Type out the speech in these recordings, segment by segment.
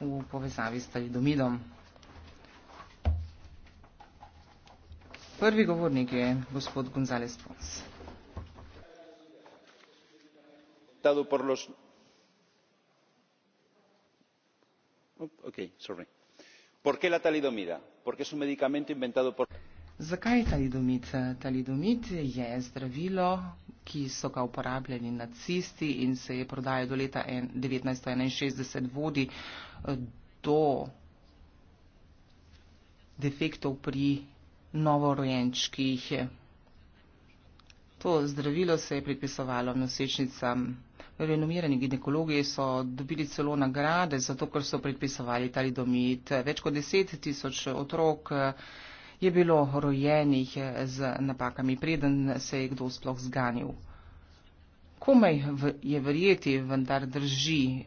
v povezavi s talidomidom. Prvi govornik je gospod González Pons. Oh, okay, sorry. Por qué la talidomida? Porque es un medicamento inventado por. Zakaj je talidomit? Talidomit je zdravilo, ki so ga uporabljali nacisti in se je prodajal do leta 1961, vodi eh, do defektov pri novorojenčkih. To zdravilo se je pripisovalo nosečnicam. Renomirani ginekologi so dobili celo nagrade, zato ker so pripisovali talidomit. Več kot deset tisoč otrok je bilo rojenih eh, z napakami, preden se je kdo sploh zganil. Komaj je verjeti, vendar drži.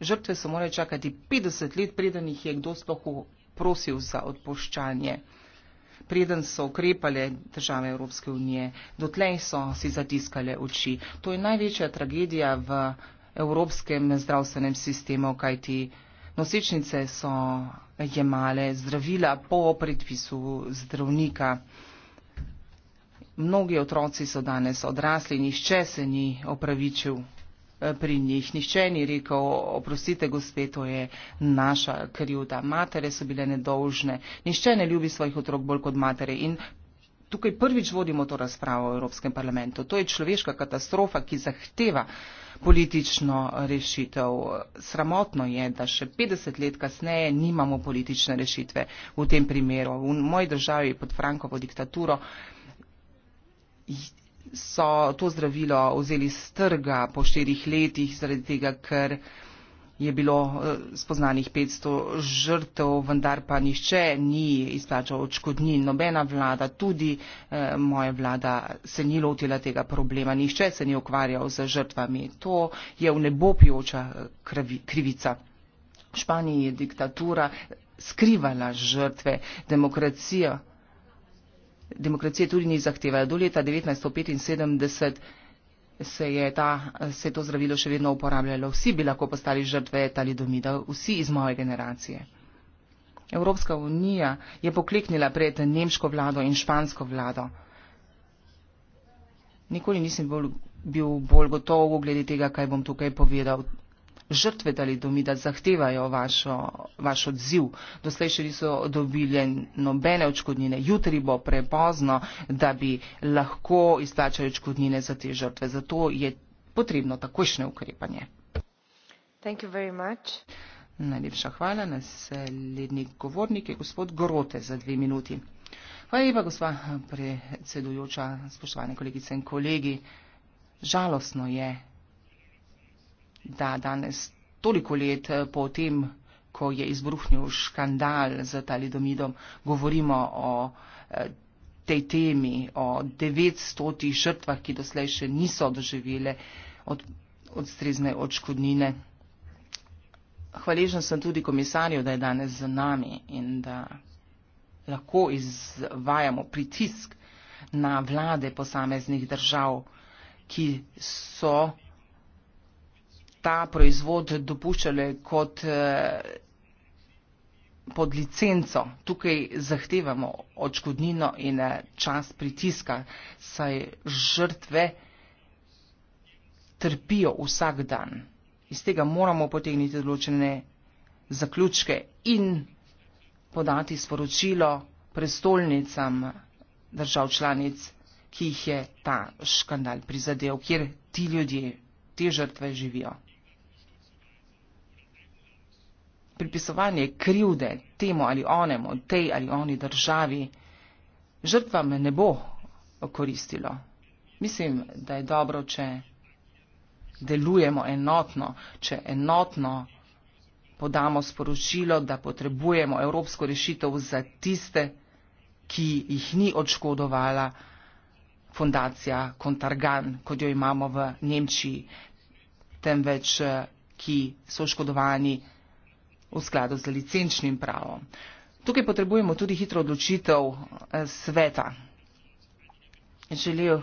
Žrtve so morali čakati 50 let, preden jih je kdo sploh prosil za odpoščanje. Preden so ukrepale države Evropske unije, dotlej so si zatiskale oči. To je največja tragedija v evropskem zdravstvenem sistemu, kajti Nosečnice so jemale zdravila po predpisu zdravnika. Mnogi otroci so danes odrasli, nišče se ni opravičil eh, pri njih, nišče ni rekel, oprostite, gospe, to je naša krivda, matere so bile nedolžne, nišče ne ljubi svojih otrok bolj kot matere in tukaj prvič vodimo to razpravo v Evropskem parlamentu. To je človeška katastrofa, ki zahteva politično rešitev. Sramotno je, da še 50 let kasneje nimamo politične rešitve v tem primeru. V moji državi pod Frankovo diktaturo so to zdravilo vzeli z trga po štirih letih zaradi tega, ker je bilo eh, spoznanih 500 žrtev, vendar pa nišče ni izplačal očkodnin. Nobena vlada, tudi eh, moja vlada, se ni lotila tega problema. Nišče se ni ukvarjal z žrtvami. To je v nebo pijoča eh, krivica. V Španiji je diktatura skrivala žrtve, demokracija. Demokracije tudi ni zahtevala. Do leta 1975 se je, ta, se je to zdravilo še vedno uporabljalo. Vsi bi lahko postali žrtve talidomida, vsi iz moje generacije. Evropska unija je pokliknila pred nemško vlado in špansko vlado. Nikoli nisem bil bolj gotov glede tega, kaj bom tukaj povedal žrtve dali domi, da zahtevajo vašo, vaš odziv. Doslej še niso dobili nobene očkodnine. Jutri bo prepozno, da bi lahko izplačali očkodnine za te žrtve. Zato je potrebno takošne ukrepanje. Thank you very much. Najlepša hvala. Naslednji govornik je gospod Grote za dve minuti. Hvala lepa, gospa predsedujoča, spoštovane kolegice in kolegi. Žalostno je, da danes toliko let eh, po tem, ko je izbruhnil škandal z talidomidom, govorimo o eh, tej temi, o 900 žrtvah, ki doslej še niso doživele od, odstrezne odškodnine. Hvaležen sem tudi komisarju, da je danes z nami in da lahko izvajamo pritisk na vlade posameznih držav, ki so ta proizvod dopuščali kot eh, pod licenco. Tukaj zahtevamo odškodnino in eh, čas pritiska, saj žrtve trpijo vsak dan. Iz tega moramo potegniti določene zaključke in podati sporočilo prestolnicam držav članic, ki jih je ta škandal prizadel, kjer ti ljudje, te žrtve živijo. pripisovanje krivde temu ali onemu, tej ali oni državi, žrtvam ne bo koristilo. Mislim, da je dobro, če delujemo enotno, če enotno podamo sporočilo, da potrebujemo evropsko rešitev za tiste, ki jih ni odškodovala fundacija Kontargan, kot jo imamo v Nemčiji, temveč eh, ki so oškodovani v skladu z licenčnim pravom. Tukaj potrebujemo tudi hitro odločitev eh, sveta. Želel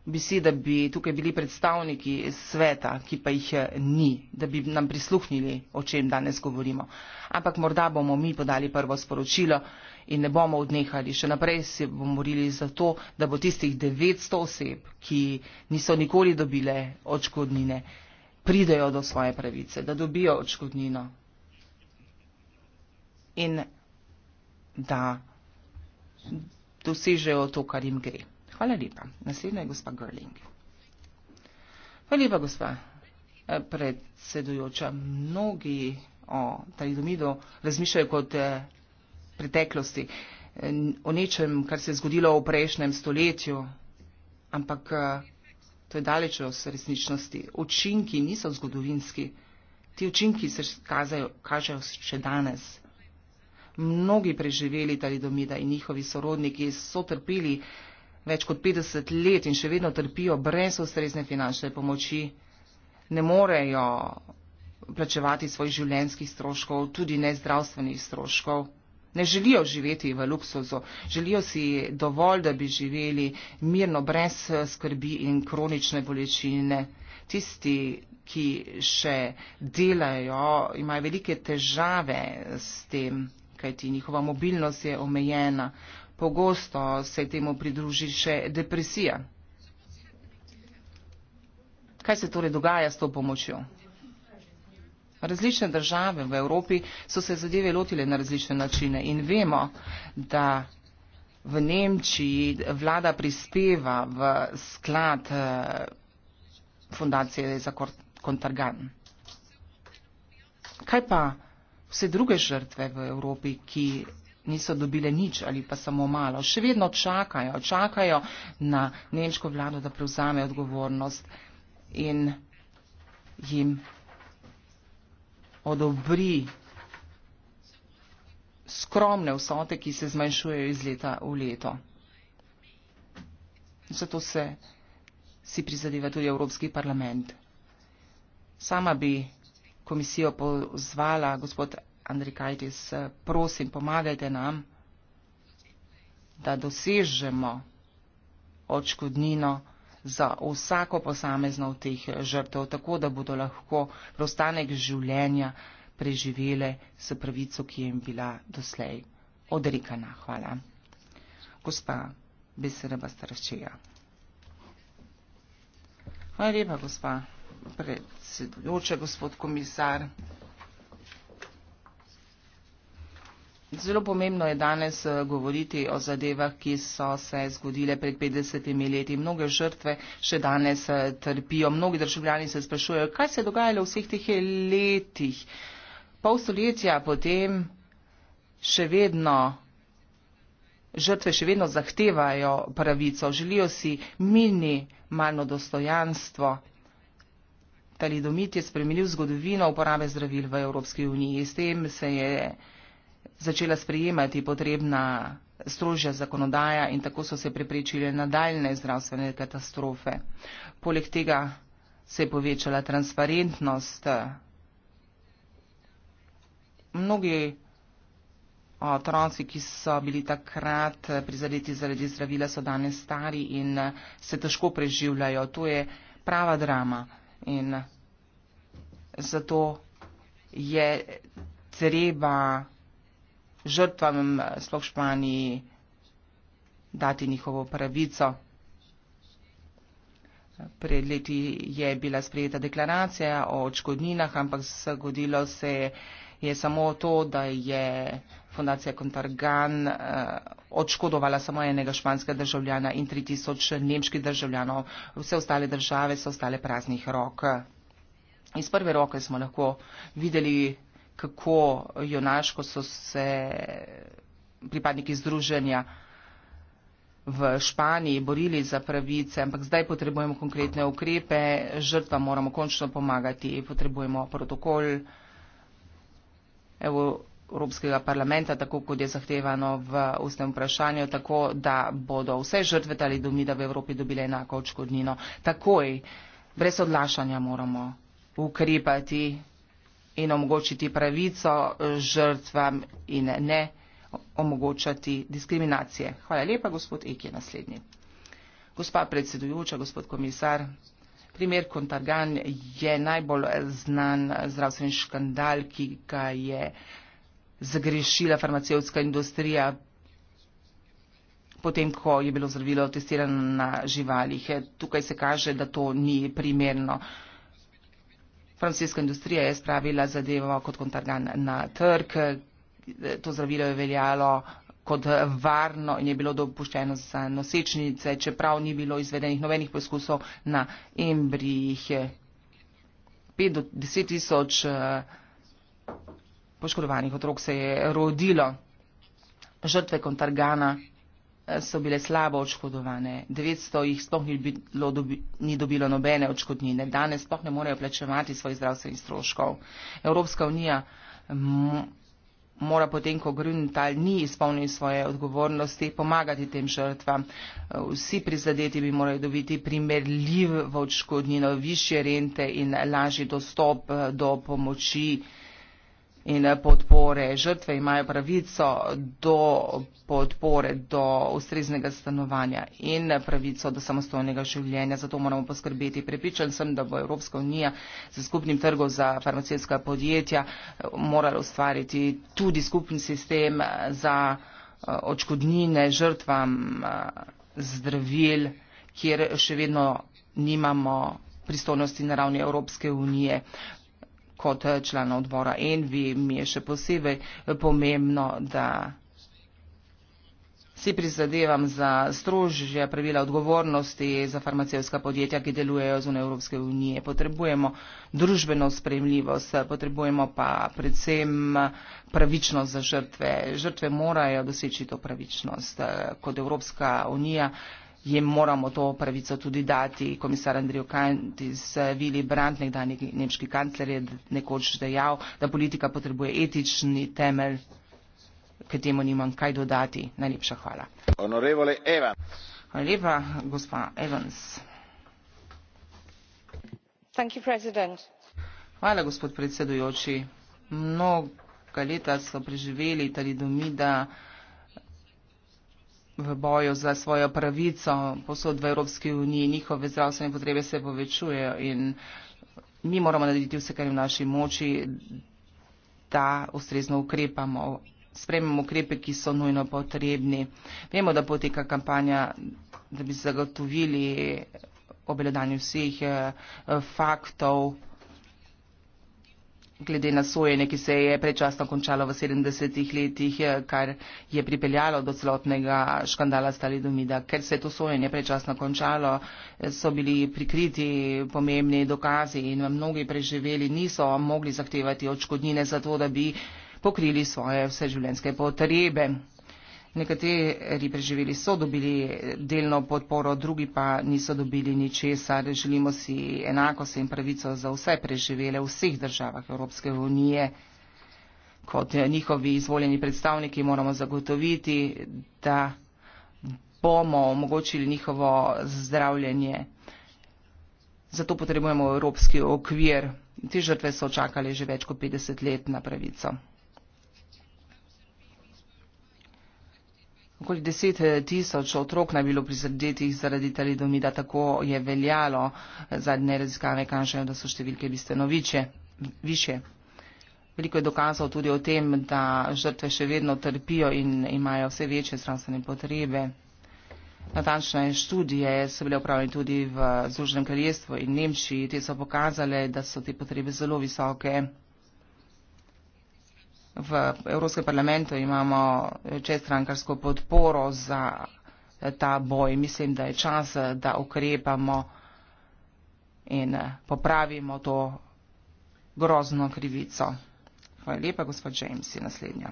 bi si, da bi tukaj bili predstavniki sveta, ki pa jih eh, ni, da bi nam prisluhnili, o čem danes govorimo. Ampak morda bomo mi podali prvo sporočilo in ne bomo odnehali. Še naprej se bomo morili za to, da bo tistih 900 oseb, ki niso nikoli dobile odškodnine, pridejo do svoje pravice, da dobijo odškodnino in da dosežejo to, kar jim gre. Hvala lepa. Naslednja je gospa Gerling. Hvala lepa, gospa eh, predsedujoča. Mnogi o talidomidu razmišljajo kot eh, preteklosti, eh, o nečem, kar se je zgodilo v prejšnjem stoletju, ampak to je daleč od resničnosti. Učinki niso zgodovinski. Ti učinki se kažejo še danes mnogi preživeli talidomida in njihovi sorodniki so trpeli več kot 50 let in še vedno trpijo brez ustrezne finančne pomoči. Ne morejo plačevati svojih življenjskih stroškov, tudi ne zdravstvenih stroškov. Ne želijo živeti v luksuzu, želijo si dovolj, da bi živeli mirno, brez skrbi in kronične bolečine. Tisti, ki še delajo, imajo velike težave s tem kajti njihova mobilnost je omejena. Pogosto se temu pridruži še depresija. Kaj se torej dogaja s to pomočjo? Različne države v Evropi so se zadeve lotile na različne načine in vemo, da v Nemčiji vlada prispeva v sklad eh, fundacije za kontargan. Kaj pa? vse druge žrtve v Evropi, ki niso dobile nič ali pa samo malo, še vedno čakajo, čakajo na nemško vlado, da prevzame odgovornost in jim odobri skromne vsote, ki se zmanjšujejo iz leta v leto. Zato se si prizadeva tudi Evropski parlament. Sama bi komisijo pozvala, gospod Andrej Kajtis, prosim, pomagajte nam, da dosežemo očkodnino za vsako posamezno od teh žrtev, tako da bodo lahko preostanek življenja preživele s pravico, ki jim bila doslej odrekana. Hvala. Gospa Besereba Staraščeja. Hvala lepa, gospa predsedujoča, gospod komisar. Zelo pomembno je danes eh, govoriti o zadevah, ki so se zgodile pred 50 leti. Mnoge žrtve še danes eh, trpijo. Mnogi državljani se sprašujejo, kaj se je dogajalo v vseh teh letih. Pol stoletja potem še vedno. Žrtve še vedno zahtevajo pravico, želijo si minimalno dostojanstvo, Talidomid je spremenil zgodovino uporabe zdravil v Evropski uniji. S tem se je začela sprejemati potrebna strožja zakonodaja in tako so se preprečile nadaljne zdravstvene katastrofe. Poleg tega se je povečala transparentnost. Mnogi otroci, ki so bili takrat prizadeti zaradi zdravila, so danes stari in se težko preživljajo. To je prava drama. In zato je treba žrtvam sploh Španiji dati njihovo pravico. Pred leti je bila sprejeta deklaracija o očkodninah, ampak zgodilo se je, je samo to, da je fundacija Contargan uh, eh, odškodovala samo enega španskega državljana in 3000 nemških državljanov. Vse ostale države so ostale praznih rok. Iz prve roke smo lahko videli, kako junaško so se pripadniki združenja v Španiji borili za pravice, ampak zdaj potrebujemo konkretne ukrepe, žrtva moramo končno pomagati, potrebujemo protokol. Evropskega parlamenta, tako kot je zahtevano v ustnem vprašanju, tako da bodo vse žrtve ali domi, da v Evropi dobile enako očkodnino. Takoj, brez odlašanja moramo ukrepati in omogočiti pravico žrtvam in ne omogočati diskriminacije. Hvala lepa, gospod Ek je naslednji. Gospa predsedujoča, gospod komisar, Primer Kontargan je najbolj znan zdravstveni škandal, ki ga je zagrešila farmacevtska industrija potem, ko je bilo zdravilo testirano na živalih. Tukaj se kaže, da to ni primerno. Francijska industrija je spravila zadevo kot kontargan na trg. To zdravilo je veljalo kot varno in je bilo dopuščeno za nosečnice, čeprav ni bilo izvedenih nobenih poskusov na embrijih. 5 do 10 tisoč eh, poškodovanih otrok se je rodilo. Žrtve kontargana eh, so bile slabo odškodovane. 900 jih sploh ni, bilo, dobi, ni dobilo nobene odškodnine. Danes sploh ne morejo plačevati svojih zdravstvenih stroškov. Evropska unija mora potem, ko Grüntal ni izpolnil svoje odgovornosti, pomagati tem žrtvam. Vsi prizadeti bi morali dobiti primerljivo odškodnino, višje rente in lažji dostop eh, do pomoči in eh, podpore. Žrtve imajo pravico do podpore, do ustreznega stanovanja in eh, pravico do samostojnega življenja. Zato moramo poskrbeti. Prepričan sem, da bo Evropska unija z skupnim trgom za farmacijska podjetja eh, morala ustvariti tudi skupni sistem za očkodnine žrtvam zdravil, kjer še vedno nimamo pristojnosti na ravni Evropske unije kot eh, člana odbora Envi mi je še posebej eh, pomembno, da si prizadevam za strožje pravila odgovornosti za farmacevska podjetja, ki delujejo z Evropske unije. Potrebujemo družbeno spremljivost, eh, potrebujemo pa predvsem pravičnost za žrtve. Žrtve morajo doseči to pravičnost kot Evropska unija jim moramo to pravico tudi dati. Komisar Andrijo Kantis, Vili Brandt, nekdani nemški kancler, je nekoč dejal, da politika potrebuje etični temelj, k temu nimam kaj dodati. Najlepša hvala. Hvala lepa, gospa Evans. Hvala, gospod predsedujoči. Mnoga leta so preživeli talidomida v boju za svojo pravico posod v Evropski uniji, njihove zdravstvene potrebe se povečujejo in mi moramo narediti vse, kar je v naši moči, da ustrezno ukrepamo, sprememo ukrepe, ki so nujno potrebni. Vemo, da poteka kampanja, da bi zagotovili obelodanje vseh eh, faktov glede na sojenje, ki se je prečasno končalo v 70-ih letih, eh, kar je pripeljalo do celotnega škandala Stalidomida. Ker se je to sojenje prečasno končalo, eh, so bili prikriti pomembni dokazi in mnogi preživeli niso mogli zahtevati odškodnine za to, da bi pokrili svoje vseživljenjske potrebe. Nekateri preživeli so dobili delno podporo, drugi pa niso dobili ničesar. Želimo si enakost in pravico za vse preživele v vseh državah Evropske unije. Kot njihovi izvoljeni predstavniki moramo zagotoviti, da bomo omogočili njihovo zdravljenje. Zato potrebujemo evropski okvir. Te žrtve so čakali že več kot 50 let na pravico. Okoli deset eh, tisoč otrok naj bilo prizadetih zaradi talidomida, tako je veljalo. Eh, zadnje raziskave kažejo, da so številke bistveno više. Veliko je dokazov tudi o tem, da žrtve še vedno trpijo in imajo vse večje zdravstvene potrebe. Natančne študije so bile upravljene tudi v Združenem kraljestvu in Nemčiji. Te so pokazale, da so te potrebe zelo visoke v Evropskem parlamentu imamo čestrankarsko podporo za ta boj. Mislim, da je čas, da ukrepamo in popravimo to grozno krivico. Hvala lepa, gospod James, je naslednja.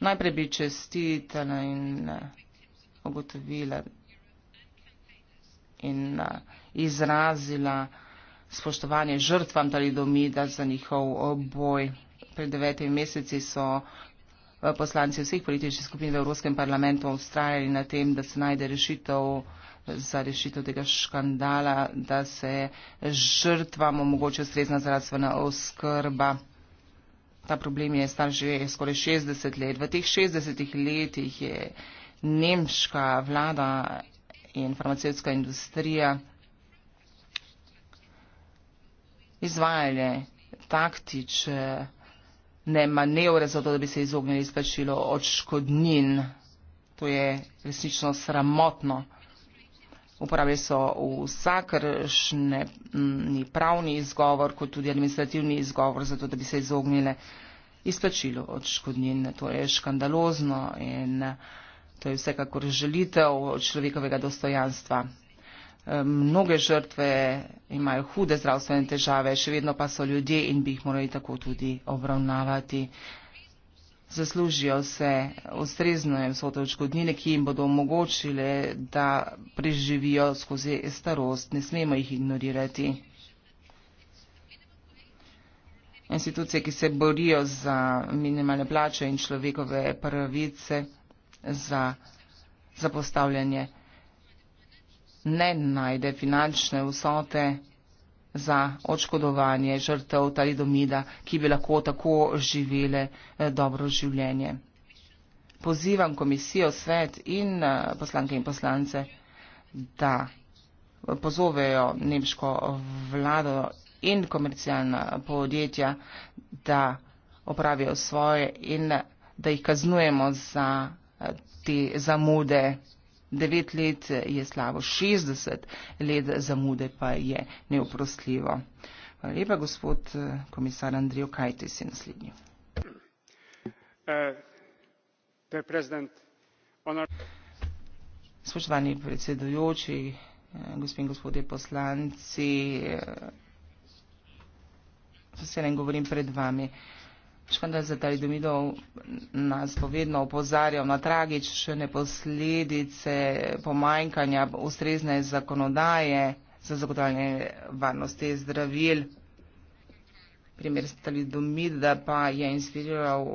Najprej bi čestitela in uh, ugotovila in uh, izrazila spoštovanje žrtvam Talidomida za njihov uh, boj. Pred devetimi meseci so eh, poslanci vseh političnih skupin v Evropskem parlamentu ustrajali na tem, da se najde rešitev eh, za rešitev tega škandala, da se žrtvam omogoča ustrezna zdravstvena oskrba. Ta problem je star že skoraj 60 let. V teh 60 letih je nemška vlada in farmacevtska industrija izvajale taktične ne manevre za to, da bi se izognili izplačilo odškodnin. To je resnično sramotno. Uporabili so vsakršni pravni izgovor, kot tudi administrativni izgovor, zato da bi se izognili izplačilo odškodnin. To je škandalozno in to je vsekakor želitev človekovega dostojanstva. Mnoge žrtve imajo hude zdravstvene težave, še vedno pa so ljudje in bi jih morali tako tudi obravnavati. Zaslužijo se ustrezno in so to očkodnine, ki jim bodo omogočile, da preživijo skozi starost. Ne smemo jih ignorirati. Institucije, ki se borijo za minimalne plače in človekove pravice, za zapostavljanje ne najde finančne vsote za očkodovanje žrtev talidomida, ki bi lahko tako živele eh, dobro življenje. Pozivam komisijo, svet in eh, poslanke in poslance, da pozovejo nemško vlado in komercialna podjetja, da opravijo svoje in da jih kaznujemo za eh, te zamude. 9 let je slabo, 60 let zamude pa je neoprostljivo. Hvala lepa, gospod komisar Andrijo, kaj ti si naslednji? Eh, eh, Spoštovani predsedujoči, eh, gospod in gospodje poslanci, vse ne govorim pred vami. Škandalce ta Ljudomidov nas povedno opozarjal na tragične posledice pomanjkanja ustrezne zakonodaje za zagotavljanje varnosti zdravil. Primer ta Ljudomida pa je inspiriral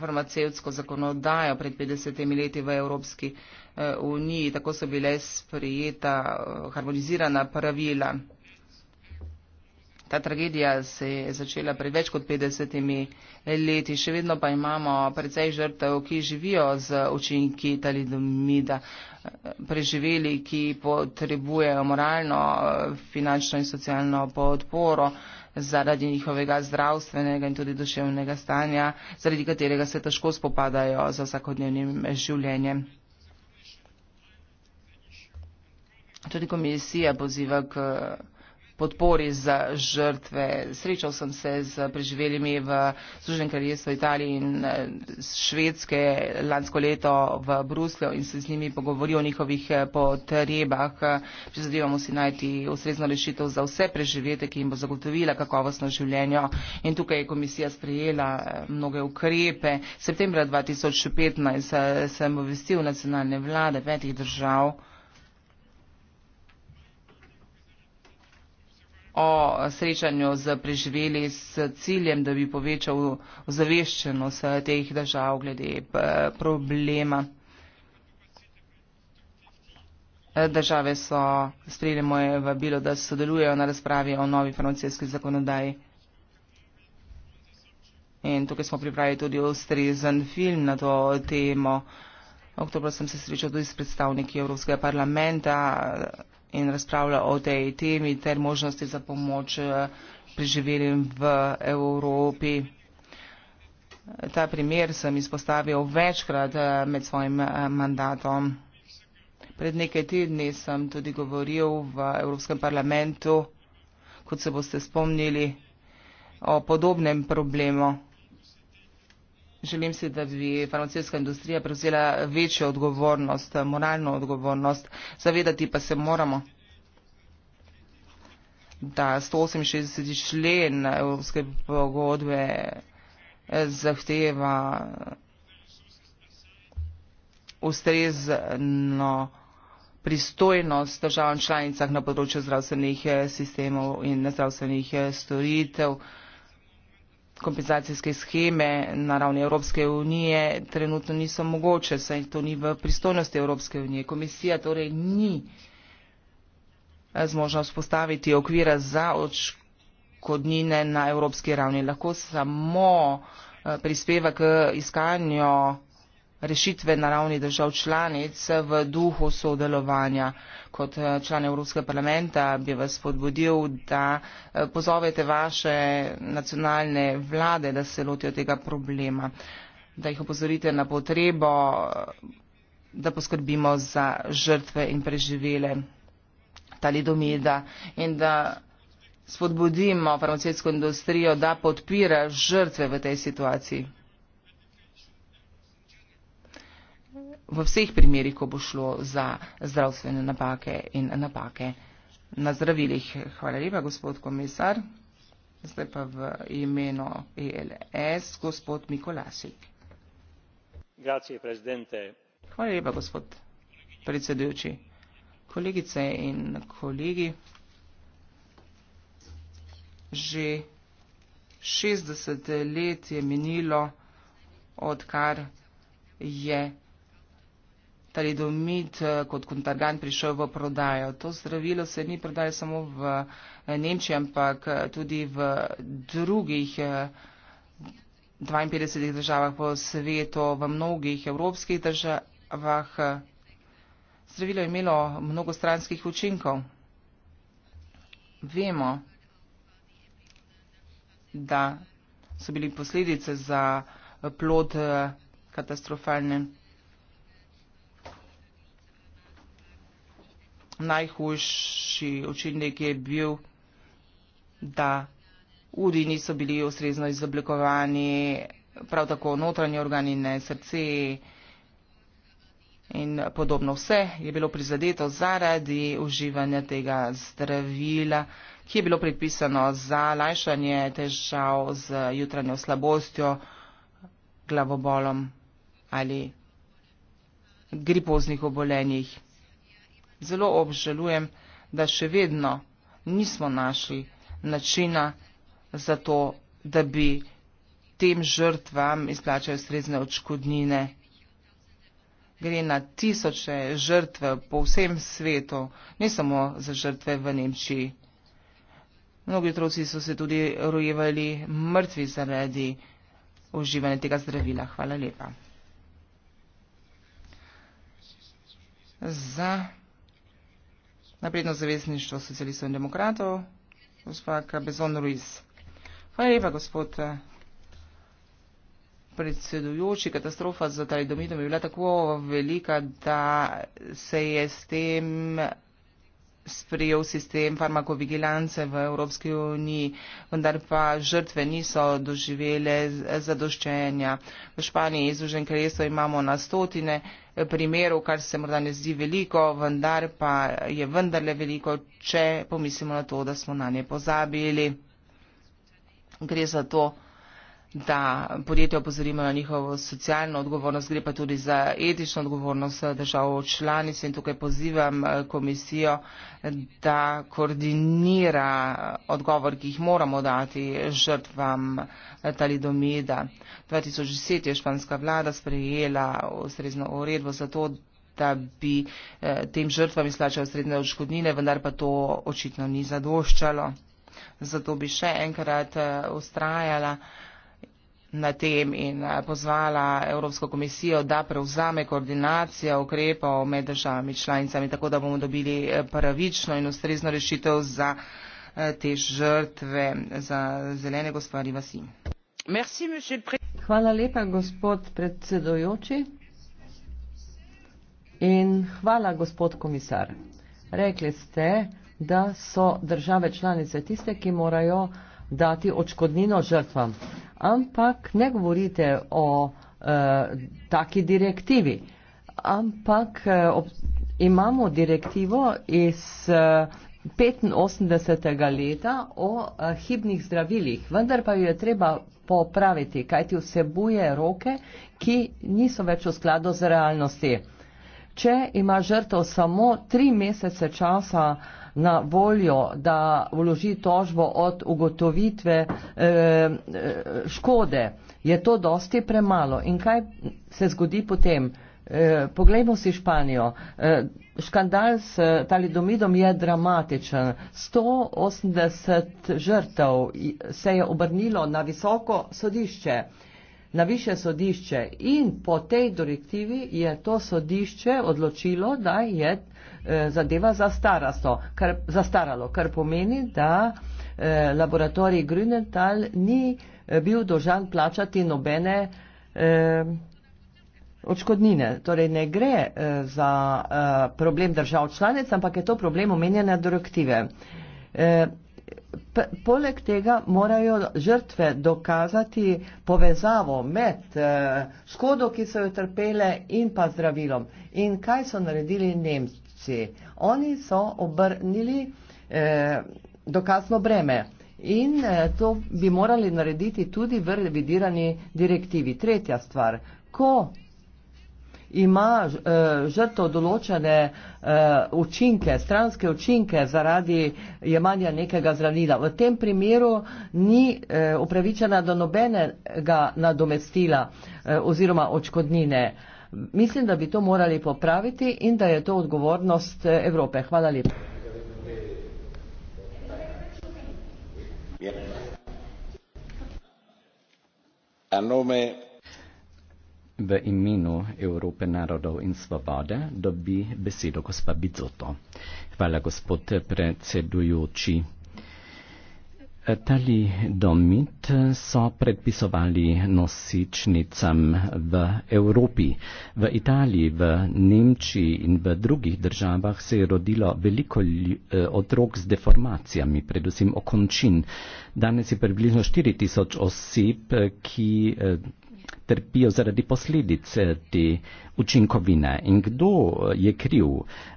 farmacevtsko zakonodajo pred 50 leti v Evropski eh, uniji. Tako so bile sprijeta eh, harmonizirana pravila. Ta tragedija se je začela pred več kot 50 leti, še vedno pa imamo precej žrtev, ki živijo z učinki talidomida, preživeli, ki potrebujejo moralno, finančno in socialno podporo zaradi njihovega zdravstvenega in tudi duševnega stanja, zaradi katerega se težko spopadajo z vsakodnevnim življenjem. Tudi komisija poziva k podpori za žrtve. Srečal sem se z preživelimi v Združenem kraljestvu Italije in eh, Švedske lansko leto v Bruslju in se z njimi pogovoril o njihovih eh, potrebah. Prizadevamo si najti ustrezno rešitev za vse preživete, ki jim bo zagotovila kakovostno življenje. In tukaj je komisija sprejela eh, mnoge ukrepe. Septembra 2015 sem obvestil nacionalne vlade petih držav. o srečanju z preživeli s ciljem, da bi povečal zaveščenost eh, teh držav glede eh, problema. Eh, države so sprejeli moje vabilo, da sodelujejo na razpravi o novi francoski zakonodaji. In tukaj smo pripravili tudi ustrezen film na to temo. Oktober sem se srečal tudi s predstavniki Evropskega parlamenta, in razpravlja o tej temi ter možnosti za pomoč eh, preživelim v Evropi. Ta primer sem izpostavil večkrat eh, med svojim eh, mandatom. Pred nekaj tedni sem tudi govoril v Evropskem parlamentu, kot se boste spomnili, o podobnem problemu. Želim si, da bi farmacijska industrija prevzela večjo odgovornost, moralno odgovornost. Zavedati pa se moramo, da 168. člen Evropske pogodbe zahteva ustrezno pristojnost državam članicah na področju zdravstvenih eh, sistemov in zdravstvenih eh, storitev kompenzacijske scheme na ravni Evropske unije trenutno niso mogoče, saj to ni v pristojnosti Evropske unije. Komisija torej ni eh, zmožna vzpostaviti okvira za odškodnine na evropski ravni. Lahko samo eh, prispeva k iskanju rešitve na ravni držav članic v duhu sodelovanja. Kot eh, član Evropskega parlamenta bi vas podbudil, da eh, pozovete vaše nacionalne vlade, da se lotijo tega problema, da jih opozorite na potrebo, eh, da poskrbimo za žrtve in preživele talidomida in da spodbudimo farmacijsko industrijo, da podpira žrtve v tej situaciji. v vseh primerjih, ko bo šlo za zdravstvene napake in napake na zdravilih. Hvala lepa, gospod komisar. Zdaj pa v imenu ELS, gospod Mikolasik. Hvala lepa, gospod predsedujoči. Kolegice in kolegi, že 60 let je minilo, odkar je talidomid eh, kot kontargan prišel v prodajo. To zdravilo se ni prodajalo samo v eh, Nemčiji, ampak eh, tudi v drugih 52 državah po svetu, v mnogih evropskih državah. Zdravilo je imelo mnogo stranskih učinkov. Vemo, da so bili posledice za plod katastrofalne. najhujši učinek je bil, da udi niso bili ustrezno izoblikovani, prav tako notranje organi ne srce in podobno vse je bilo prizadeto zaradi uživanja tega zdravila, ki je bilo predpisano za lajšanje težav z jutranjo slabostjo, glavobolom ali gripoznih obolenjih zelo obžalujem, da še vedno nismo našli načina za to, da bi tem žrtvam izplačali srezne očkodnine. Gre na tisoče žrtve po vsem svetu, ne samo za žrtve v Nemčiji. Mnogi otroci so se tudi rojevali mrtvi zaradi uživanja tega zdravila. Hvala lepa. Za napredno zavezništvo socialistov in demokratov, gospa Cabezon Ruiz. Hvala lepa, gospod eh, predsedujoči. Katastrofa za taj domitom je bila tako velika, da se je s tem sprejel sistem farmakovigilance v Evropski uniji, vendar pa žrtve niso doživele zadoščenja. V Španiji, iz Užen Kraljestva, imamo na stotine primerov, kar se morda ne zdi veliko, vendar pa je vendarle veliko, če pomislimo na to, da smo na nje pozabili. Gre za to, da podjetja opozorimo na njihovo socialno odgovornost, gre pa tudi za etično odgovornost držav članic in tukaj pozivam eh, komisijo, da koordinira odgovor, ki jih moramo dati žrtvam eh, talidomida. 2010 je španska vlada sprejela ustrezno uredbo za to, da bi eh, tem žrtvam izplačala srednje odškodnine, vendar pa to očitno ni zadoščalo. Zato bi še enkrat ustrajala. Uh, na tem in eh, pozvala Evropsko komisijo, da prevzame koordinacijo ukrepov med državami članicami, tako da bomo dobili eh, pravično in ustrezno rešitev za eh, te žrtve, za zelene gospodari vasi. Hvala lepa, gospod predsedojoči. In hvala, gospod komisar. Rekli ste, da so države članice tiste, ki morajo dati očkodnino žrtvam ampak ne govorite o e, taki direktivi. Ampak eh, ob, imamo direktivo iz e, eh, 85. leta o e, hibnih zdravilih, vendar pa jo je treba popraviti, kajti vsebuje roke, ki niso več v skladu z realnosti. Če ima žrtev samo tri mesece časa, na voljo, da vloži tožbo od ugotovitve eh, eh, škode, je to dosti premalo. In kaj se zgodi potem? Eh, poglejmo si Španijo. Škandal s talidomidom je dramatičen. 180 žrtev se je obrnilo na visoko sodišče na više sodišče in po tej direktivi je to sodišče odločilo, da je e, zadeva zastaralo, kar, zastaralo, kar pomeni, da e, laboratorij Grünenthal ni e, bil dožan plačati nobene eh, odškodnine. Torej ne gre eh, za eh, problem držav članic, ampak je to problem omenjene direktive. Eh, Poleg tega morajo žrtve dokazati povezavo med eh, škodo, ki so jo trpele, in pa zdravilom. In kaj so naredili Nemci? Oni so obrnili eh, dokazno breme in eh, to bi morali narediti tudi v revidirani direktivi. Tretja stvar. Ko ima eh, žrtev določene eh, učinke, stranske učinke zaradi jemanja nekega zranila. V tem primeru ni eh, upravičena do nobenega nadomestila oziroma očkodnine. Mislim, da bi to morali popraviti in da je to odgovornost Evrope. Hvala lepa. A nome V imenu Evrope narodov in svobode dobi besedo gospa Bizoto. Hvala, gospod predsedujoči. Tali domit so predpisovali nosičnicam v Evropi. V Italiji, v Nemčiji in v drugih državah se je rodilo veliko eh, otrok z deformacijami, predvsem okončin. Danes je približno 4000 oseb, ki eh, trpijo zaradi posledic eh, te učinkovine. In kdo eh, je kriv?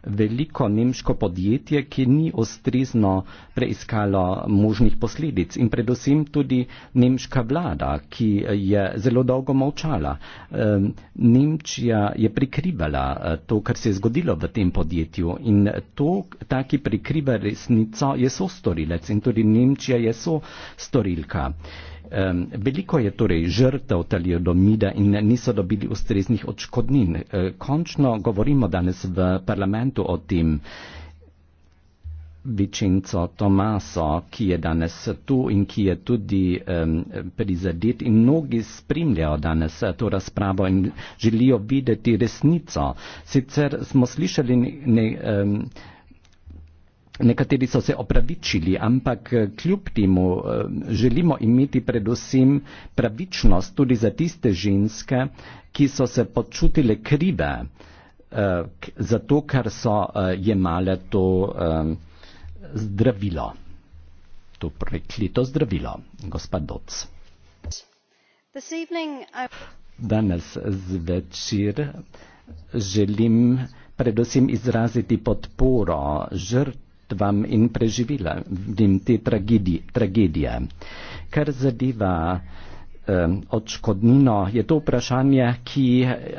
Veliko nemško podjetje, ki ni ustrezno preiskalo možnih posledic in predvsem tudi nemška vlada, ki eh, je zelo dolgo molčala. Ehm, Nemčija je prikrivala to, kar se je zgodilo v tem podjetju in to, ta, ki prikriva resnico, je so storilec in tudi Nemčija je so storilka. Um, veliko je torej žrtev talidomida in niso dobili ustreznih odškodnin. E, končno govorimo danes v parlamentu o tem. Vičenco Tomaso, ki je danes tu in ki je tudi um, prizadet in mnogi spremljajo danes to razpravo in želijo videti resnico. Sicer smo slišali ne, ne, um, Nekateri so se opravičili, ampak eh, kljub temu eh, želimo imeti predvsem pravičnost tudi za tiste ženske, ki so se počutile krive eh, za to, kar so jemale to zdravilo, to preklito zdravilo, gospod Doc. Danes zvečer želim predvsem izraziti podporo žrtvam, žrtvam in preživila in te tragedi, tragedije. Kar zadeva eh, odškodnino, je to vprašanje, ki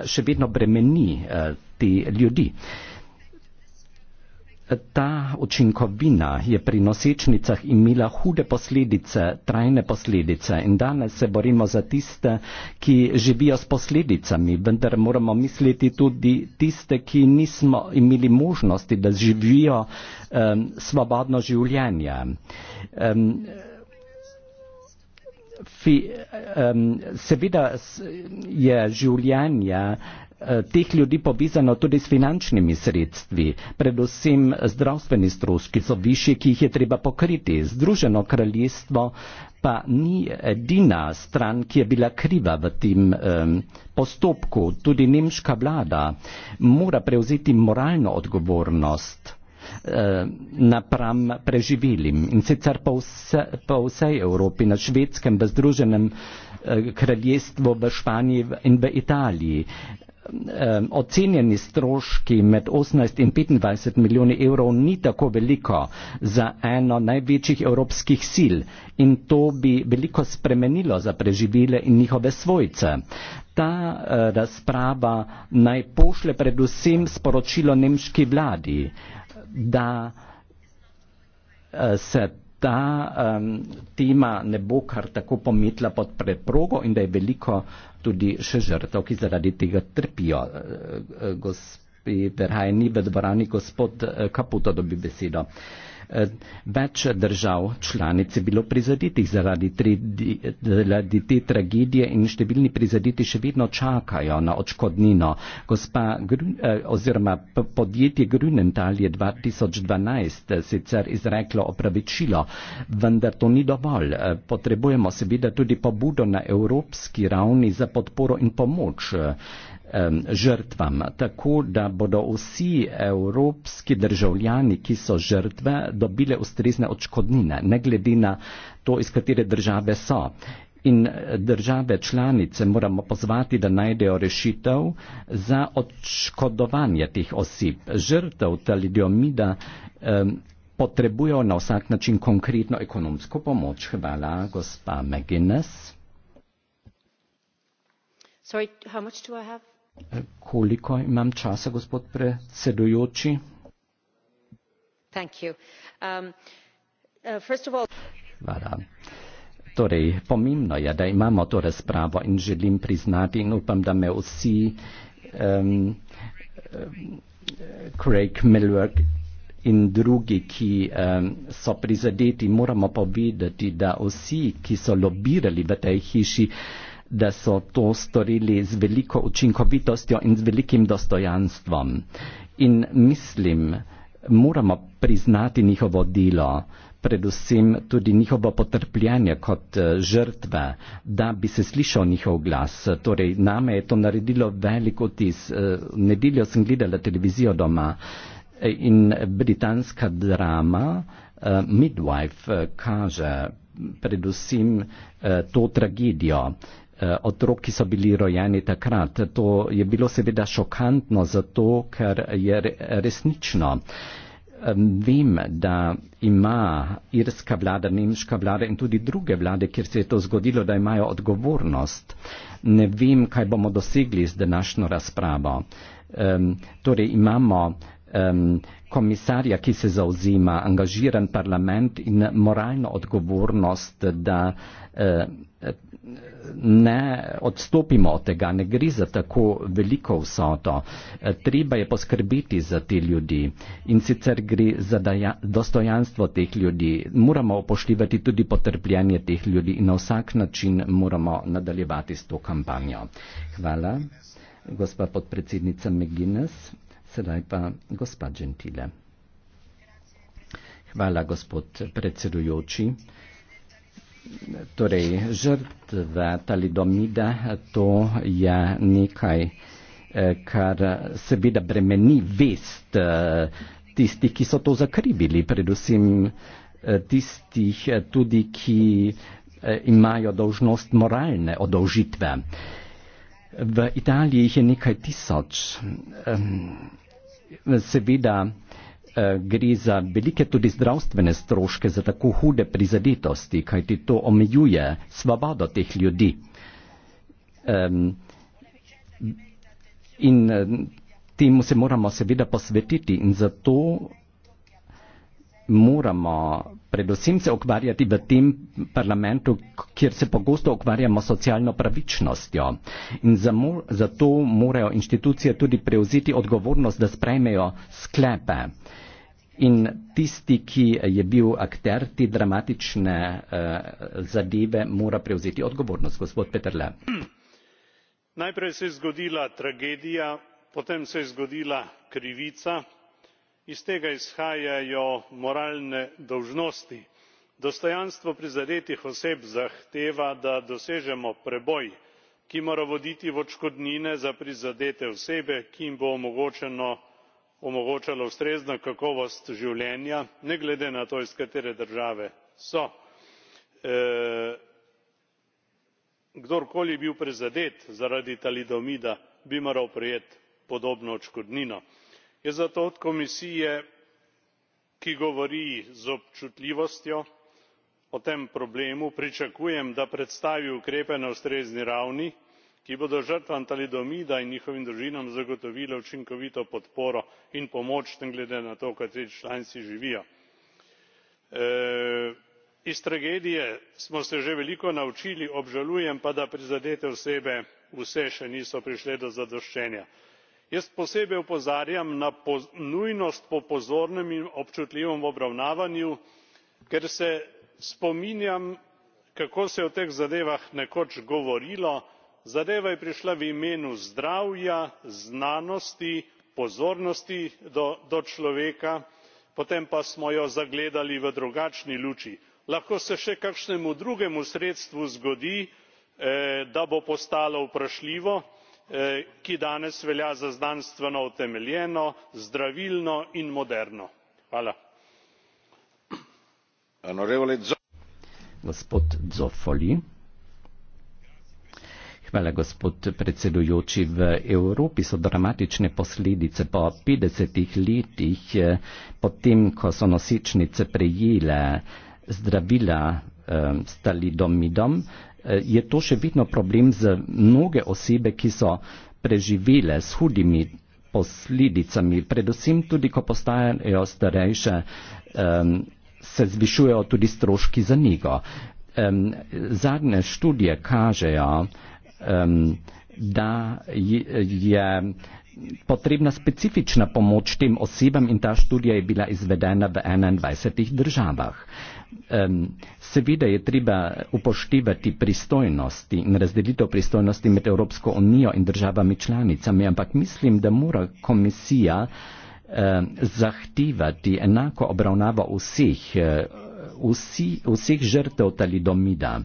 še vedno bremeni eh, te ljudi. Eh, Ta učinkovina je pri nosečnicah imela hude posledice, trajne posledice in danes se borimo za tiste, ki živijo s posledicami, vendar moramo misliti tudi tiste, ki nismo imeli možnosti, da živijo um, svobodno življenje. Um, Fi, um, seveda je življenje Eh, teh ljudi povezano tudi s finančnimi sredstvi, predvsem zdravstveni stroški so višji, ki jih je treba pokriti. Združeno kraljestvo pa ni edina stran, ki je bila kriva v tem um, postopku. Tudi nemška vlada mora prevzeti moralno odgovornost napram preživelim in sicer po, vse, po vsej Evropi, na švedskem, v združenem eh, kraljestvu, v Španiji in v Italiji um, ocenjeni stroški med 18 in 25 milijoni evrov ni tako veliko za eno največjih evropskih sil in to bi veliko spremenilo za preživele in njihove svojce. Ta uh, razprava naj pošle predvsem sporočilo nemški vladi, da uh, se ta um, tema ne bo kar tako pometla pod preprogo in da je veliko tudi še žrtev, ki zaradi tega trpijo. E, e, gospe Verhajni v dvorani gospod e, Kaputo dobi besedo. Uh, več držav članic je bilo prizaditih zaradi, tri, zaradi te tragedije in številni prizaditi še vedno čakajo na očkodnino. Gospa Grün, eh, oziroma podjetje Grünenthal je 2012 sicer izreklo opravičilo, vendar to ni dovolj. Eh, potrebujemo seveda tudi pobudo na evropski ravni za podporo in pomoč. Eh, žrtvam, tako da bodo vsi evropski državljani, ki so žrtve, dobile ustrezne odškodnine, ne glede na to, iz katere države so. In eh, države članice moramo pozvati, da najdejo rešitev za odškodovanje teh osib. Žrtev talidiomida potrebujo na vsak način konkretno ekonomsko pomoč. Hvala, gospa McGuinness. Sorry, how much do I have? Koliko imam časa, gospod predsedujoči? Um, uh, Hvala. Torej, pomembno je, da imamo to razpravo in želim priznati in upam, da me vsi um, Craig Millwork in drugi, ki um, so prizadeti, moramo povedati, da vsi, ki so lobirali v tej hiši, da so to storili z veliko učinkovitostjo in z velikim dostojanstvom. In mislim, moramo priznati njihovo delo, predvsem tudi njihovo potrpljanje kot eh, žrtve, da bi se slišal njihov glas. Torej, name je to naredilo velik otis. Eh, nedeljo sem gledala televizijo doma eh, in britanska drama Midwife kaže predvsem to tragedijo. Eh, otrok, ki so bili rojeni takrat. To je bilo seveda šokantno, zato ker je resnično. Vem, da ima irska vlada, nemška vlada in tudi druge vlade, kjer se je to zgodilo, da imajo odgovornost. Ne vem, kaj bomo dosegli z današnjo razpravo. Um, torej imamo um, komisarja, ki se zauzima, angažiran parlament in moralno odgovornost, da. Uh, ne odstopimo od tega, ne gre za tako veliko vsoto. E, treba je poskrbiti za te ljudi in sicer gre za daja, dostojanstvo teh ljudi. Moramo upoštevati tudi potrpljenje teh ljudi in na vsak način moramo nadaljevati s to kampanjo. Hvala, gospa podpredsednica McGuinness, sedaj pa gospa Gentile. Hvala, gospod predsedujoči torej žrtve talidomide, to je nekaj, eh, kar eh, seveda bremeni vest eh, tistih, ki so to zakrivili, predvsem tistih tudi, ki imajo dožnost moralne odolžitve. V Italiji jih je nekaj tisoč. Ehm, seveda Eh, gre za velike tudi zdravstvene stroške za tako hude prizaditosti, kajti to omejuje svobodo teh ljudi. Um, in eh, temu se moramo seveda posvetiti in zato moramo predvsem se ukvarjati v tem parlamentu, kjer se pogosto ukvarjamo s socialno pravičnostjo. In zato morajo inštitucije tudi prevzeti odgovornost, da sprejmejo sklepe. In tisti, ki je bil akter te dramatične uh, zadeve, mora prevzeti odgovornost, gospod Petrle. Najprej se je zgodila tragedija, potem se je zgodila krivica, iz tega izhajajo moralne dolžnosti. dostojanstvo prizadetih oseb zahteva da dosežemo preboj ki mora voditi v odškodnine za prizadete osebe ki jim bo omogočalo ustrezno kakovost življenja ne glede na to iz katere države so. E, kdorkoli je bil prizadet zaradi talidomida bi moral prejeti podobno odškodnino je zato od komisije ki govori z občutljivostjo o tem problemu pričakujem da predstavi ukrepe na ustrezni ravni ki bodo žrtvam talidomida in njihovim družinam zagotovile učinkovito podporo in pomoč ne glede na to v kateri članici živijo. E, iz tragedije smo se že veliko naučili obžalujem pa da prizadete osebe vse še niso prišle do zadoščenja jaz posebej opozarjam na nujnost po pozornem in občutljivem obravnavanju ker se spominjam kako se je o teh zadevah nekoč govorilo zadeva je prišla v imenu zdravja znanosti pozornosti do človeka potem pa smo jo zagledali v drugačni luči. lahko se še kakšnemu drugemu sredstvu zgodi eh, da bo postalo vprašljivo ki danes velja za znanstveno utemeljeno zdravilno in moderno. hvala. gospod predsedujoči v evropi so dramatične posledice po petdesetih letih eh, potem ko so nosečnice prejele zdravila eh, s talidomidom je to še vedno problem za mnoge osebe, ki so preživele s hudimi posledicami, predvsem tudi, ko postajajo starejše, se zvišujejo tudi stroški za njigo. Zadnje študije kažejo, da je potrebna specifična pomoč tem osebam in ta študija je bila izvedena v 21 državah. Um, seveda je treba upoštevati pristojnosti in razdelitev pristojnosti med Evropsko unijo in državami članicami, ampak mislim, da mora komisija uh, zahtevati enako obravnavo vseh, eh, vsi, vseh žrtev talidomida,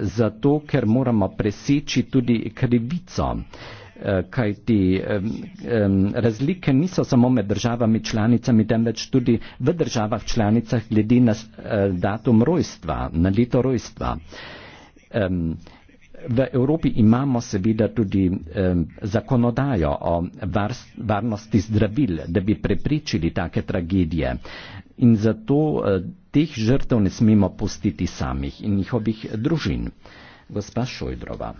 zato ker moramo preseči tudi krivico. Uh, Eh, kaj ti razlike niso samo med državami članicami, temveč tudi v državah članicah glede na eh, datum rojstva, na leto rojstva. V Evropi imamo seveda tudi zakonodajo o varnosti zdravil, da bi preprečili take tragedije. In zato eh, teh žrtev ne smemo pustiti samih in njihovih družin. Gospa Šojdrova.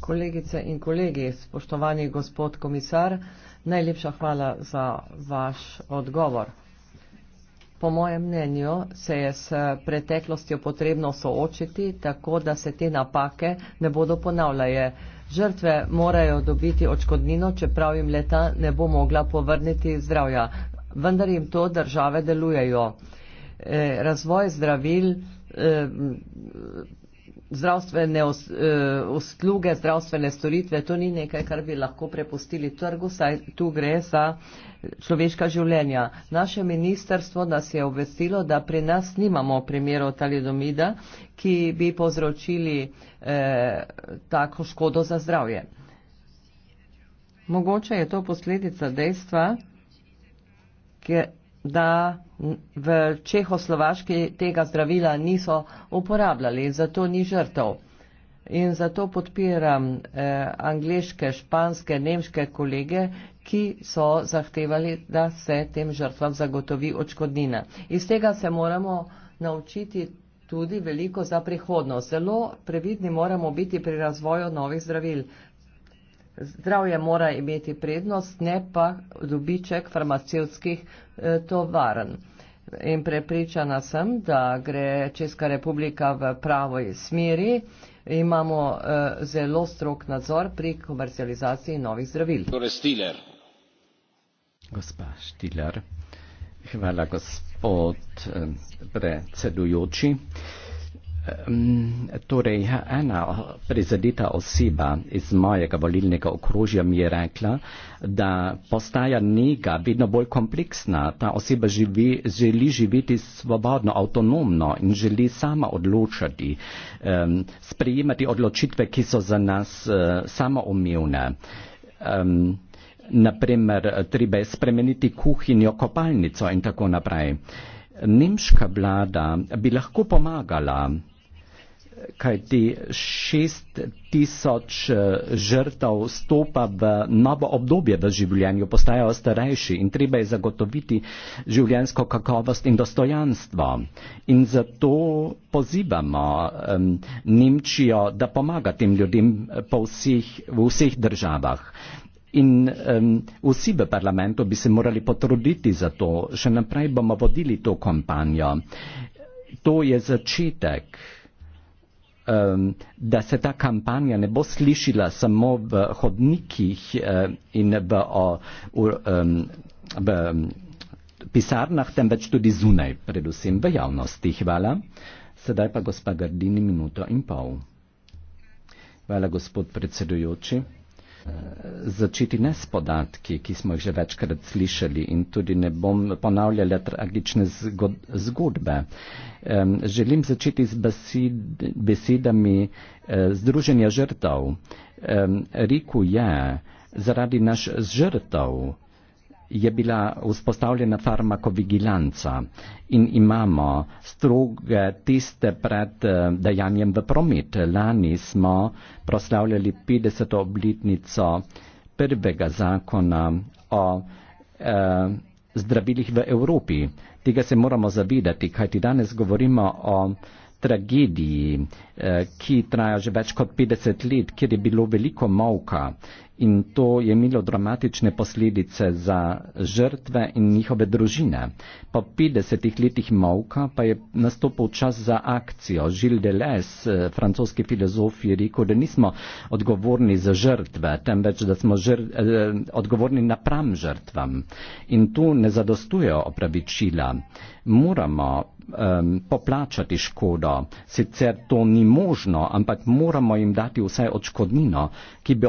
Kolegice in kolegi, spoštovani gospod komisar, najlepša hvala za vaš odgovor. Po mojem mnenju se je s preteklostjo potrebno soočiti, tako da se te napake ne bodo ponavljale. Žrtve morajo dobiti očkodnino, čeprav jim leta ne bo mogla povrniti zdravja. Vendar jim to države delujejo. E, razvoj zdravil. E, zdravstvene eh, usluge, zdravstvene storitve, to ni nekaj, kar bi lahko prepustili trgu, saj tu gre za človeška življenja. Naše ministerstvo nas je obvestilo, da pri nas nimamo primerov talidomida, ki bi povzročili eh, tako škodo za zdravje. Mogoče je to posledica dejstva, ker da v Čehoslovaški tega zdravila niso uporabljali, zato ni žrtev. In zato podpiram eh, angliške, španske, nemške kolege, ki so zahtevali, da se tem žrtvam zagotovi očkodnina. Iz tega se moramo naučiti tudi veliko za prihodnost. Zelo previdni moramo biti pri razvoju novih zdravil. Zdravje mora imeti prednost, ne pa dobiček farmacevskih eh, tovaren. In prepričana sem, da gre Česka republika v pravoj smeri. Imamo eh, zelo strok nadzor pri komercializaciji novih zdravil. Torej, Gospa Štiler. Gospa Štiler. Hvala, gospod eh, predsedujoči. Eh, Um, torej, ena prizadeta oseba iz mojega volilnega okrožja mi je rekla, da postaja njega vedno bolj kompleksna. Ta oseba živi, želi živeti svobodno, avtonomno in želi sama odločati, um, sprejemati odločitve, ki so za nas uh, samoumevne. Um, naprimer, treba je spremeniti kuhinjo, kopalnico in tako naprej. Nemška vlada bi lahko pomagala kajti šest tisoč eh, žrtav stopa v novo obdobje v življenju, postajajo starejši in treba je zagotoviti življensko kakovost in dostojanstvo. In zato pozivamo um, Nemčijo, da pomaga tem ljudem eh, vseh, v vseh državah. In um, vsi v parlamentu bi se morali potruditi za to. Še naprej bomo vodili to kampanjo. To je začetek da se ta kampanja ne bo slišala samo v hodnikih eh, in v, o, v, v pisarnah, temveč tudi zunaj, predvsem v javnosti. Hvala. Sedaj pa gospa Gardini, minuto in pol. Hvala, gospod predsedujoči. Eh, začeti ne s podatki, ki smo jih že večkrat slišali in tudi ne bom ponavljala tragične zgodbe. Želim začeti z besedami eh, Združenja žrtav. Riku je, zaradi naš žrtav je bila vzpostavljena farmakovigilanca in imamo stroge tiste pred eh, dejanjem v promet. Lani smo proslavljali 50. obletnico prvega zakona o eh, zdravilih v Evropi. Tega se moramo zavedati, kajti danes govorimo o tragediji, eh, ki traja že več kot 50 let, kjer je bilo veliko mavka in to je imelo dramatične posledice za žrtve in njihove družine. Po 50 letih molka pa je nastopil čas za akcijo. Gilles Deleuze, eh, francoski filozof, je rekel, da nismo odgovorni za žrtve, temveč da smo žr, eh, odgovorni napram žrtvam. In tu ne zadostujejo opravičila. Moramo um, poplačati škodo. Sicer to ni možno, ampak moramo jim dati vsaj odškodnino, ki bi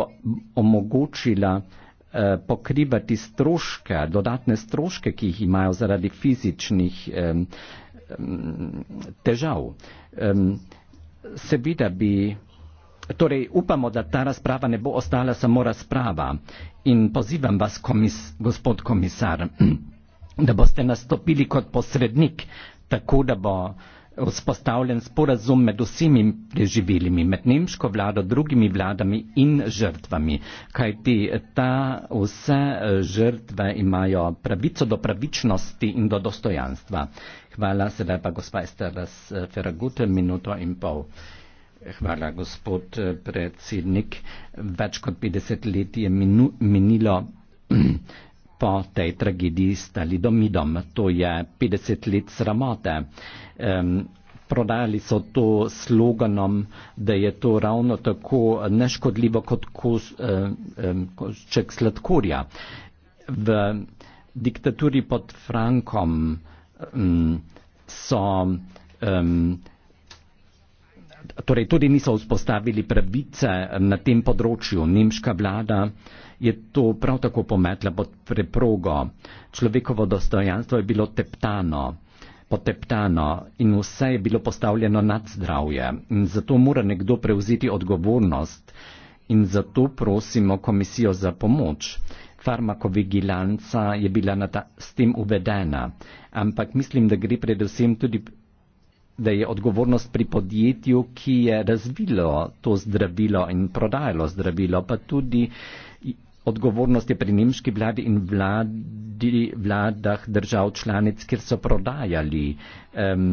omogočila uh, pokrivati stroške, dodatne stroške, ki jih imajo zaradi fizičnih um, težav. Um, seveda bi. Torej, upamo, da ta razprava ne bo ostala samo razprava in pozivam vas, komis, gospod komisar, da boste nastopili kot posrednik tako da bo vzpostavljen sporazum med vsemi preživelimi, med nemško vlado, drugimi vladami in žrtvami, kajti ta vse žrtve imajo pravico do pravičnosti in do dostojanstva. Hvala sedaj pa gospa Ester Ferragut, minuto in pol. Hvala, gospod predsednik. Več kot 50 let je minu, minilo po tej tragediji s talidomidom. To je 50 let sramote. Um, prodali so to sloganom, da je to ravno tako neškodljivo kot kos, um, košček sladkorja. V diktaturi pod Frankom um, so. Um, Torej, tudi niso vzpostavili pravice na tem področju. Nemška vlada je to prav tako pometla pod preprogo. Človekovo dostojanstvo je bilo teptano, poteptano in vse je bilo postavljeno nad zdravje. In zato mora nekdo prevzeti odgovornost in zato prosimo komisijo za pomoč. Farmakovigilanca je bila ta, s tem uvedena, ampak mislim, da gre predvsem tudi, da je odgovornost pri podjetju, ki je razvilo to zdravilo in prodajalo zdravilo, pa tudi Odgovornost je pri nemški vladi in vladi, vladah držav članic, kjer so prodajali um,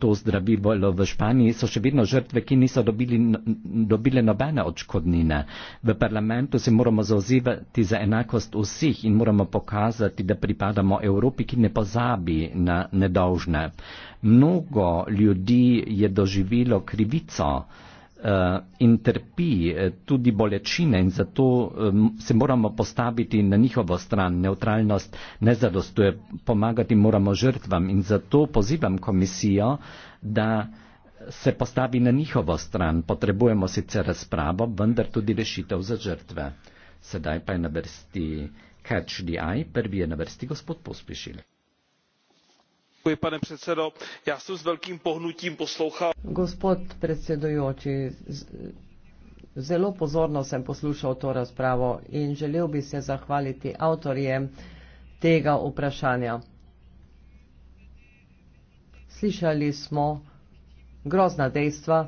to zdravilo. V Španiji so še vedno žrtve, ki niso dobili, dobile nobene odškodnine. V parlamentu se moramo zauzivati za enakost vseh in moramo pokazati, da pripadamo Evropi, ki ne pozabi na nedolžne. Mnogo ljudi je doživelo krivico uh, in trpi eh, tudi bolečine in zato um, se moramo postaviti na njihovo stran. Neutralnost ne zadostuje, pomagati moramo žrtvam in zato pozivam komisijo, da se postavi na njihovo stran. Potrebujemo sicer razpravo, vendar tudi rešitev za žrtve. Sedaj pa je na vrsti Catch the Eye, prvi je na vrsti gospod Pospešil pane předsedající já jsem s velkým pohnutím poslouchal gospod predsedujoči zelo pozorno sem poslušal to razpravo in želel bi se zahvaliti avtorjem tega vprašanja slišali smo grozna dejstva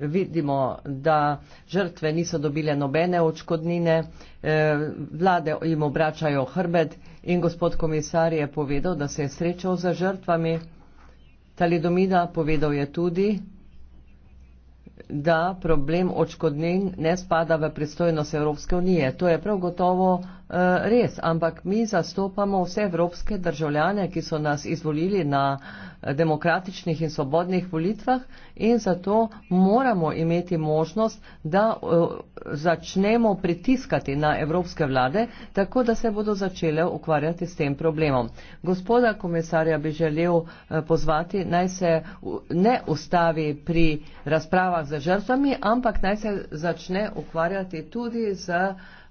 vidimo da žrtve niso dobile nobene odškodnine eh, vlade jim obračajo hrbet In gospod komisar je povedal, da se je srečal za žrtvami. Talidomida povedal je tudi, da problem očkodnin ne spada v pristojnost Evropske unije. To je prav gotovo Eh, res, ampak mi zastopamo vse evropske državljane, ki so nas izvolili na eh, demokratičnih in svobodnih volitvah in zato moramo imeti možnost, da eh, začnemo pritiskati na evropske vlade, tako da se bodo začele ukvarjati s tem problemom. Gospoda komisarja bi želel pozvati, naj se ne ustavi pri razpravah z žrtvami, ampak naj se začne ukvarjati tudi z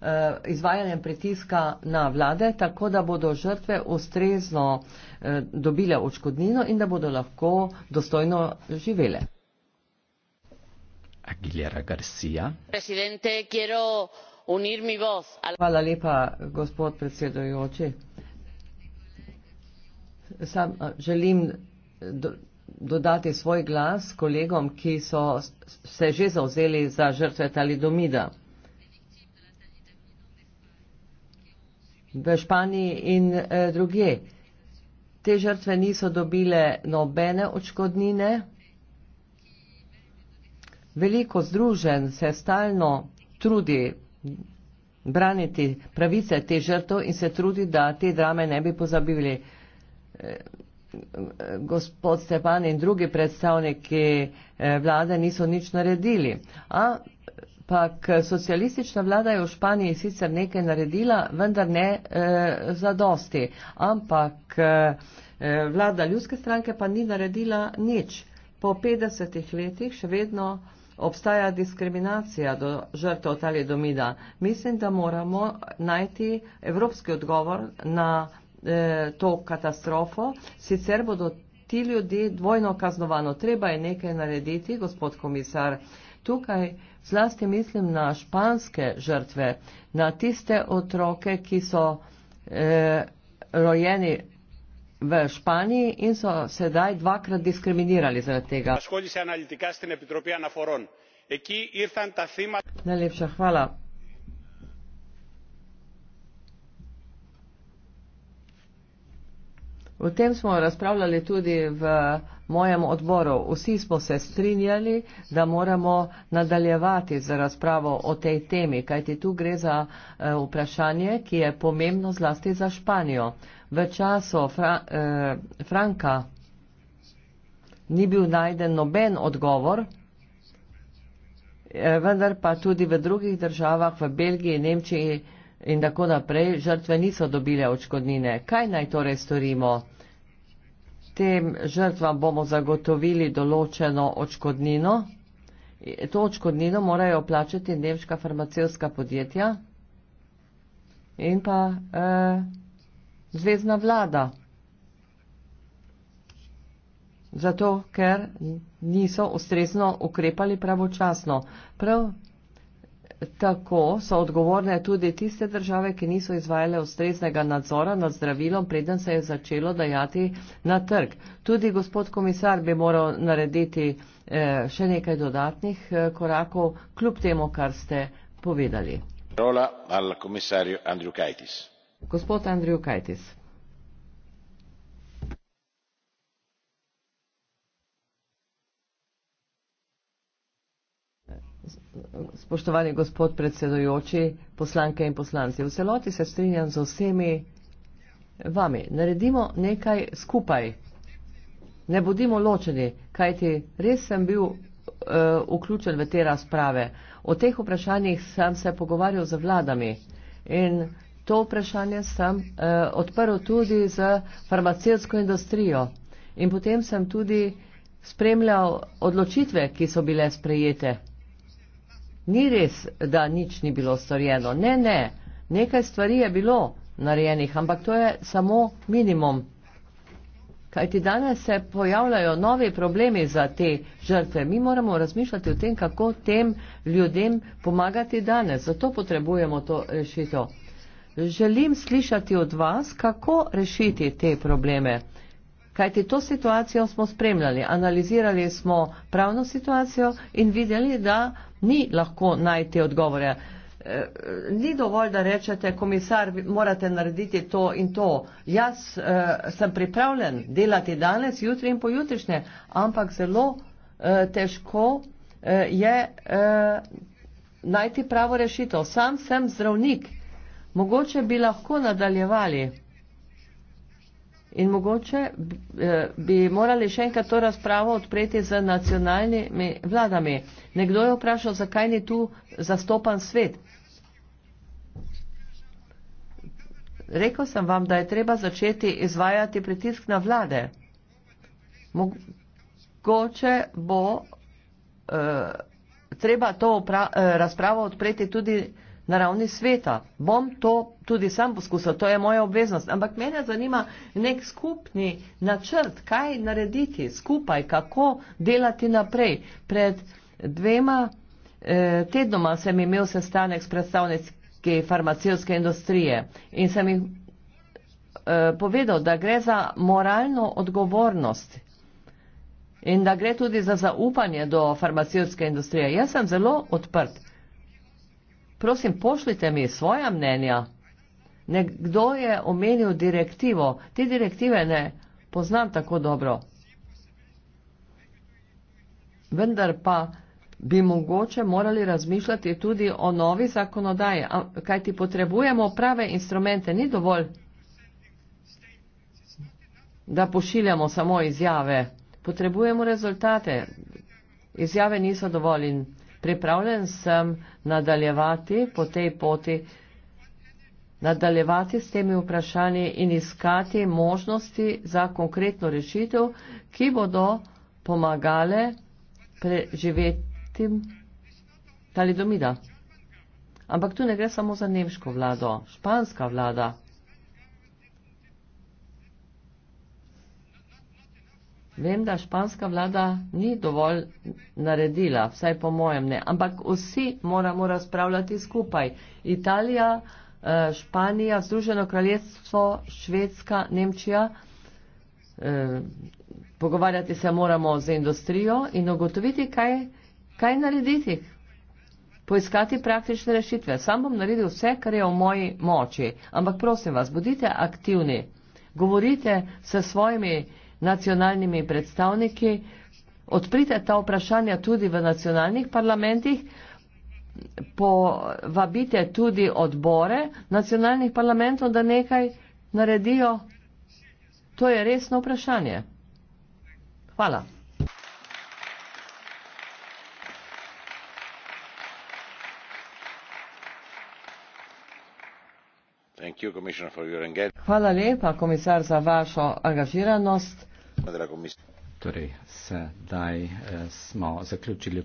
Eh, izvajanjem pritiska na vlade, tako da bodo žrtve ustrezno eh, dobile očkodnino in da bodo lahko dostojno živele. Aguilera Garcia. Hvala lepa, gospod predsedojoči. Sam eh, želim do, dodati svoj glas kolegom, ki so se že zauzeli za žrtve talidomida. v Španiji in eh, druge. Te žrtve niso dobile nobene očkodnine. Veliko združen se stalno trudi braniti pravice te žrtev in se trudi, da te drame ne bi pozabili. Eh, gospod Stepan in drugi predstavniki eh, vlade niso nič naredili. A ampak eh, socialistična vlada je v Španiji sicer nekaj naredila, vendar ne eh, za dosti. Ampak eh, eh, vlada ljudske stranke pa ni naredila nič. Po 50 letih še vedno obstaja diskriminacija do žrtev talidomida. Mislim, da moramo najti evropski odgovor na eh, to katastrofo, sicer bodo ti ljudje dvojno kaznovano. Treba je nekaj narediti, gospod komisar. Eh, tukaj zlasti mislim na španske žrtve, na tiste otroke, ki so eh, rojeni v Španiji in so sedaj dvakrat diskriminirali zaradi tega. E Najlepša hvala. O tem smo razpravljali tudi v mojem odboru. Vsi smo se strinjali, da moramo nadaljevati z razpravo o tej temi, kajti tu gre za uh, vprašanje, ki je pomembno zlasti za Španijo. V času Fra uh, Franka ni bil najden noben odgovor, eh, vendar pa tudi v drugih državah, v Belgiji, Nemčiji, uh, in tako naprej, žrtve niso dobile očkodnine. Kaj naj torej storimo? Tem žrtvam bomo zagotovili določeno očkodnino. To očkodnino morajo plačati nemška farmacevska podjetja in pa eh, zvezdna vlada. Zato, ker niso ustrezno ukrepali pravočasno. Prav Tako so odgovorne tudi tiste države, ki niso izvajale ustreznega nadzora nad zdravilom, preden se je začelo dajati na trg. Tudi gospod komisar bi moral narediti eh, še nekaj dodatnih eh, korakov, kljub temu, kar ste povedali. Gospod Andrew Kajtis. spoštovani gospod predsedojoči, poslanke in poslanci. V celoti se strinjam z vsemi vami. Naredimo nekaj skupaj. Ne bodimo ločeni, kajti res sem bil uh, vključen v te razprave. O teh vprašanjih sem se pogovarjal z vladami in to vprašanje sem uh, odprl tudi z farmacijsko industrijo. In potem sem tudi spremljal odločitve, ki so bile sprejete ni res, da nič ni bilo storjeno. Ne, ne, nekaj stvari je bilo narejenih, ampak to je samo minimum. Kaj ti danes se pojavljajo nove problemi za te žrtve. Mi moramo razmišljati o tem, kako tem ljudem pomagati danes. Zato potrebujemo to rešitev. Želim slišati od vas, kako rešiti te probleme. Kajti to situacijo smo spremljali, analizirali smo pravno situacijo in videli, da ni lahko najti odgovore. E, ni dovolj, da rečete, komisar, morate narediti to in to. Jaz eh, sem pripravljen delati danes, jutri in pojutrišnje, ampak zelo eh, težko eh, je eh, najti pravo rešitev. Sam sem zdravnik. Mogoče bi lahko nadaljevali. In mogoče eh, bi morali še enkrat to razpravo odpreti z nacionalnimi vladami. Nekdo je vprašal, zakaj ni tu zastopan svet. Rekl sem vam, da je treba začeti izvajati pritisk na vlade. Mogoče bo eh, treba to eh, razpravo odpreti tudi na ravni sveta. Bom to tudi sam poskusil, to je moja obveznost. Ampak mene zanima nek skupni načrt, kaj narediti skupaj, kako delati naprej. Pred dvema eh, tednoma sem imel sestanek s predstavniki farmacijske industrije in sem jih eh, povedal, da gre za moralno odgovornost. In da gre tudi za zaupanje do farmacijske industrije. Jaz sem zelo odprt prosim, pošljite mi svoja mnenja. Nekdo je omenil direktivo. Te direktive ne poznam tako dobro. Vendar pa bi mogoče morali razmišljati tudi o novi zakonodaji, kaj ti potrebujemo prave instrumente, ni dovolj, da pošiljamo samo izjave. Potrebujemo rezultate. Izjave niso dovolj in pripravljen sem nadaljevati po tej poti, nadaljevati s temi vprašanji in iskati možnosti za konkretno rešitev, ki bodo pomagale preživeti talidomida. Ampak tu ne gre samo za nemško vlado, španska vlada. Vem, da španska vlada ni dovolj naredila, vsaj po mojem ne, ampak vsi moramo razpravljati skupaj. Italija, eh, Španija, Združeno kraljestvo, Švedska, Nemčija. Eh, pogovarjati se moramo z industrijo in ugotoviti, kaj, kaj narediti. Poiskati praktične rešitve. Sam bom naredil vse, kar je v moji moči. Ampak prosim vas, bodite aktivni. Govorite se svojimi nacionalnimi predstavniki, odprite ta vprašanja tudi v nacionalnih parlamentih, povabite tudi odbore nacionalnih parlamentov, da nekaj naredijo. To je resno vprašanje. Hvala. Hvala lepa, komisar, za vašo angažiranost. Torej, sedaj eh, smo zaključili.